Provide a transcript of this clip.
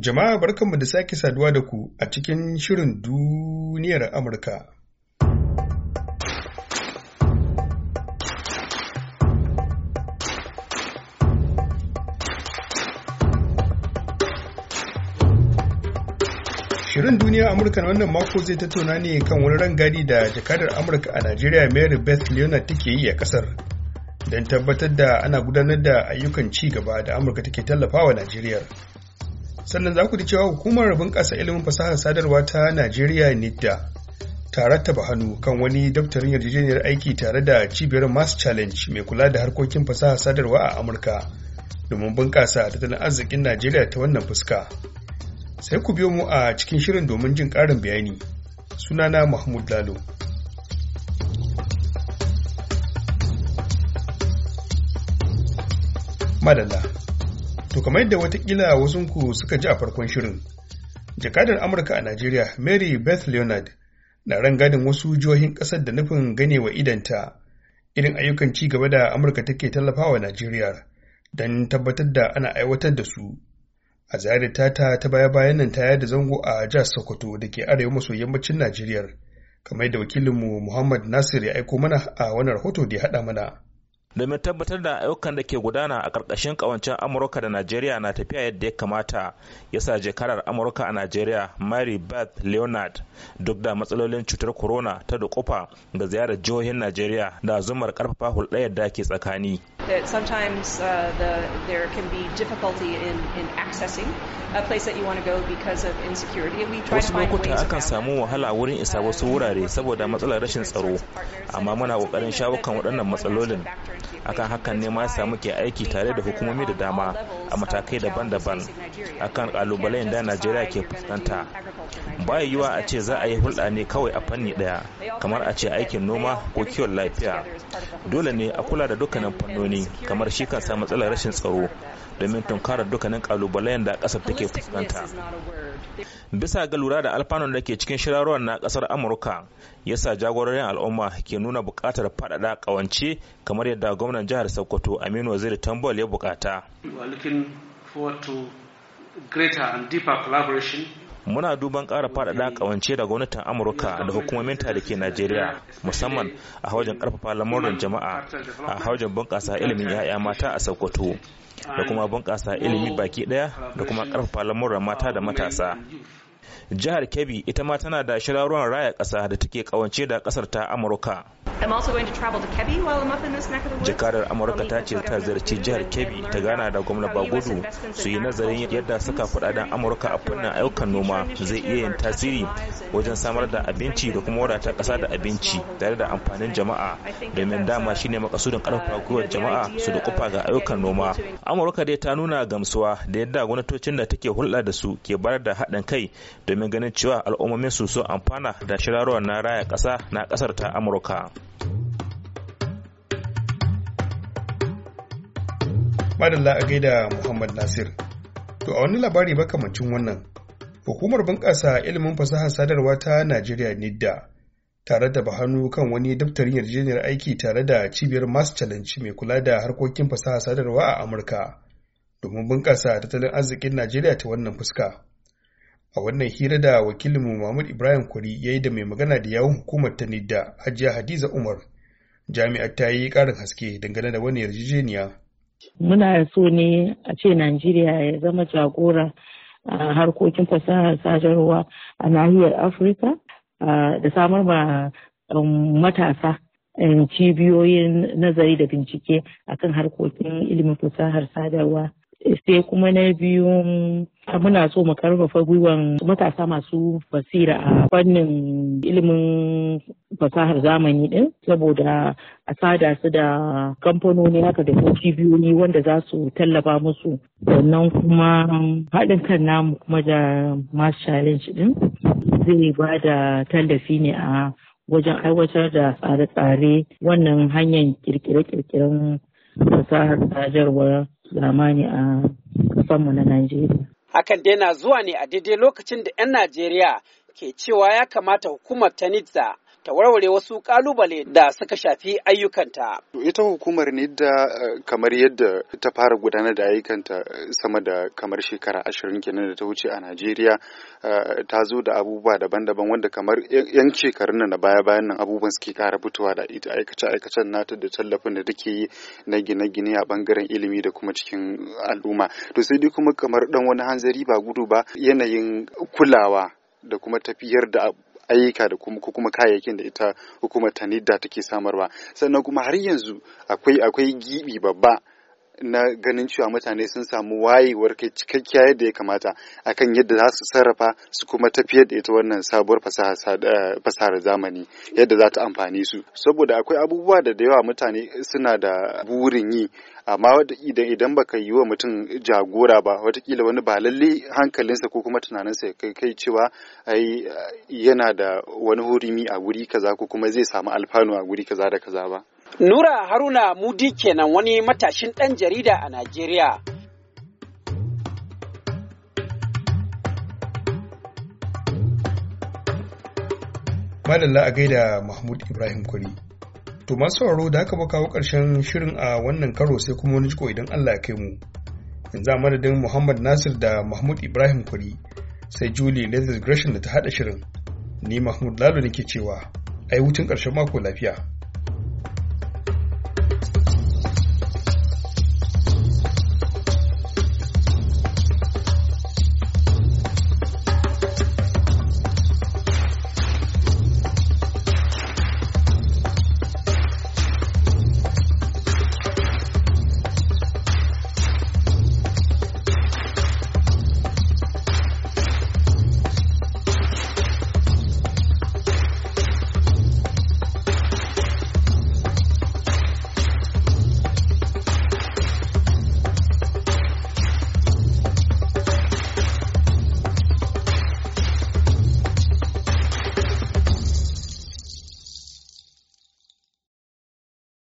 Jama'a barkanmu da sake saduwa da ku a cikin shirin duniyar Amurka. Shirin duniyar Amurka na wannan mako zai tattauna ne kan wani rangadi da jakadar Amurka a Najeriya Mary Beth Leonard take yi a kasar don tabbatar da ana gudanar da ayyukan ci gaba da Amurka take tallafawa Najeriya. Najeriya. sannan za ku ji cewa hukumar bunƙasa ilimin fasahar sadarwa ta najeriya nidda ta rattaba hannu kan wani daftarin yarjejeniyar aiki tare da cibiyar mass challenge mai kula da harkokin fasahar sadarwa a amurka domin bunƙasa tattalin arzikin najeriya ta wannan fuska sai ku biyo mu a cikin shirin domin jin ƙarin bayani sunana mahmud lalo madalla To kamar yadda watakila wasunku suka ji a farkon shirin, jakadar Amurka a Najeriya Mary Beth Leonard na rangadin wasu jihohin ƙasar da nufin ganewa wa idanta irin ayyukan ci gaba da Amurka take tallafawa Najeriya don tabbatar da ana aiwatar da su. A ziyarar tata ta baya-bayan nan ta yada zango a jihar Sokoto da ke arewa maso yammacin Najeriya, kamar yadda wakilinmu Muhammad Nasir ya aiko mana a wannan rahoto da ya haɗa mana. domin tabbatar da ayyukan da ke gudana a ƙarƙashin ƙawancen amurka da najeriya na tafiya yadda ya kamata ya sa jekarar amurka a najeriya mary beth leonard duk da matsalolin cutar corona ta dukufa ga ziyarar jihohin najeriya da zumar ƙarfafa hulɗayar da ke tsakani that sometimes uh, the, there can be difficulty in, in accessing a place that you want to go because of insecurity. And we try wasu lokuta akan samu wahala wurin isa wasu uh, wurare saboda matsalar rashin tsaro amma muna kokarin shawo kan waɗannan matsalolin akan hakan ne ma samu ke aiki tare da hukumomi da dama a matakai daban-daban akan ƙalubale da najeriya ke fuskanta ba yiwuwa a ce za a yi hulɗa ne kawai a fanni ɗaya kamar a ce aikin noma ko kiwon lafiya dole ne a kula da dukkanin fannoni kamar shi kan sa matsalar rashin tsaro domin tunkara dukkanin kalubalen da kasar take fuskanta bisa ga lura da alfanun da ke cikin shirarwar na kasar amurka yasa jagororin al'umma ke nuna bukatar faɗaɗa ƙawance kamar yadda gwamnan jihar sokoto aminu waziri tambol ya buƙata muna duban ƙara faɗaɗa ƙawance da gwamnatin amurka da hukumomin da ke najeriya musamman a hawajin ƙarfafa lamurin jama'a a hawajin bunƙasa ilimin 'ya'ya mata a sokoto da kuma bunƙasa ilimi baki ɗaya da kuma ƙarfafa lamuran mata da matasa jihar kebbi ita ma tana da shirarruwan raya ƙasa da take ƙawance da ƙasar ta amurka I'm also Jakadar Amurka ta ce ta ziyarci jihar Kebbi ta gana da gwamnan Bagudu su yi nazarin yadda saka kudaden Amurka a fannin ayyukan noma zai iya yin tasiri wajen samar da abinci da kuma wadata kasa da abinci tare da amfanin jama'a domin dama uh, shine makasudin karfafa uh, gwiwar jama'a su da kufa ga ayyukan noma. Amurka dai ta nuna gamsuwa da yadda gwamnatocin da take hulɗa da su ke bayar da haɗin kai domin ganin cewa al'ummomin su sun amfana da shirarwar na raya ƙasa na ƙasar ta Amurka. Madalla a gaida Muhammad Nasir. To a wani labari makamancin wannan, hukumar bunƙasa ilimin fasahar sadarwa ta Najeriya NIDDA tare da bahanu kan wani daftarin yarjejeniyar aiki tare da cibiyar Mass Challenge mai kula da harkokin fasahar sadarwa a Amurka domin bunƙasa tattalin arzikin Najeriya ta wannan fuska. A wannan hira da wakilinmu Muhammad Ibrahim Kuri ya yi da mai magana da yawun hukumar ta NIDDA Hajiya Hadiza Umar. Jami'ar ta yi ƙarin haske dangane da wani yarjejeniya. Muna so ne a ce Najeriya ya zama jagora a harkokin fasahar sadarwa a nahiyar Afirka da samar ma um, matasa um, cibiyoyin nazari da bincike akan harkokin ilimin fasahar sadarwa sai kuma na biyu muna so mu karfafa gwiwan matasa masu basira a fannin ilimin fasahar zamani din saboda a sada su da kamfanoni haka da ko cibiyoyi wanda za su tallafa musu sannan kuma haɗin kan namu kuma da masu challenge din zai ba da tallafi ne a wajen aiwatar da tsare-tsare wannan hanyar kirkire-kirkiren fasahar sadarwa. zamani a kasanmu na Najeriya. Hakan dai na zuwa ne a daidai lokacin da 'yan Najeriya ke cewa ya kamata hukumar ta ta warware wasu kalubale da suka shafi ayyukanta. Ita hukumar ne da eh, kamar yadda ta fara gudanar da ayyukanta eh, sama da kamar shekara ashirin kenan da ta wuce a Najeriya eh, ta zo da abubuwa daban-daban wanda kamar yan shekarun na baya-bayan nan abubuwan suke kara fitowa da ita aikace-aikacen nata da tallafin da take yi na gine-gine a bangaren ilimi da kuma cikin al'umma. To sai dai kuma kamar dan wani hanzari ba gudu ba yanayin kulawa da kuma tafiyar da ayyuka da kuma ko kuma kayayyakin da ita hukumar tanida take samarwa sannan kuma har yanzu akwai akwai gibi babba na ganin cewa mutane sun samu wayewar kai cikakkiya yadda ya kamata akan yadda za su sarrafa su kuma tafiyar da ita wannan sabuwar eh, fasahar zamani yadda za ta amfani su saboda akwai abubuwa da yawa mutane suna da burin yi amma idan idan baka yi wa mutum jagora ba watakila wani ba lalle hankalinsa ko kuma tunaninsa ya kai cewa ai eh, yana da wani hurumi a guri kaza ko kuma zai samu alfanu a guri kaza da kaza ba Nura Haruna Mudi kenan wani matashin ɗan jarida a Najeriya. Madalla a gaida Mahmud Ibrahim Kwari. To sauraro da haka kawo ƙarshen shirin a wannan karo sai kuma wani jiko idan Allah ya kai mu. Yanzu a madadin Muhammad Nasir da Mahmud Ibrahim kuri sai Julie Leather Gresham da ta haɗa shirin. Ni Mahmud Lalo nake cewa, ai hutun ƙarshen mako lafiya.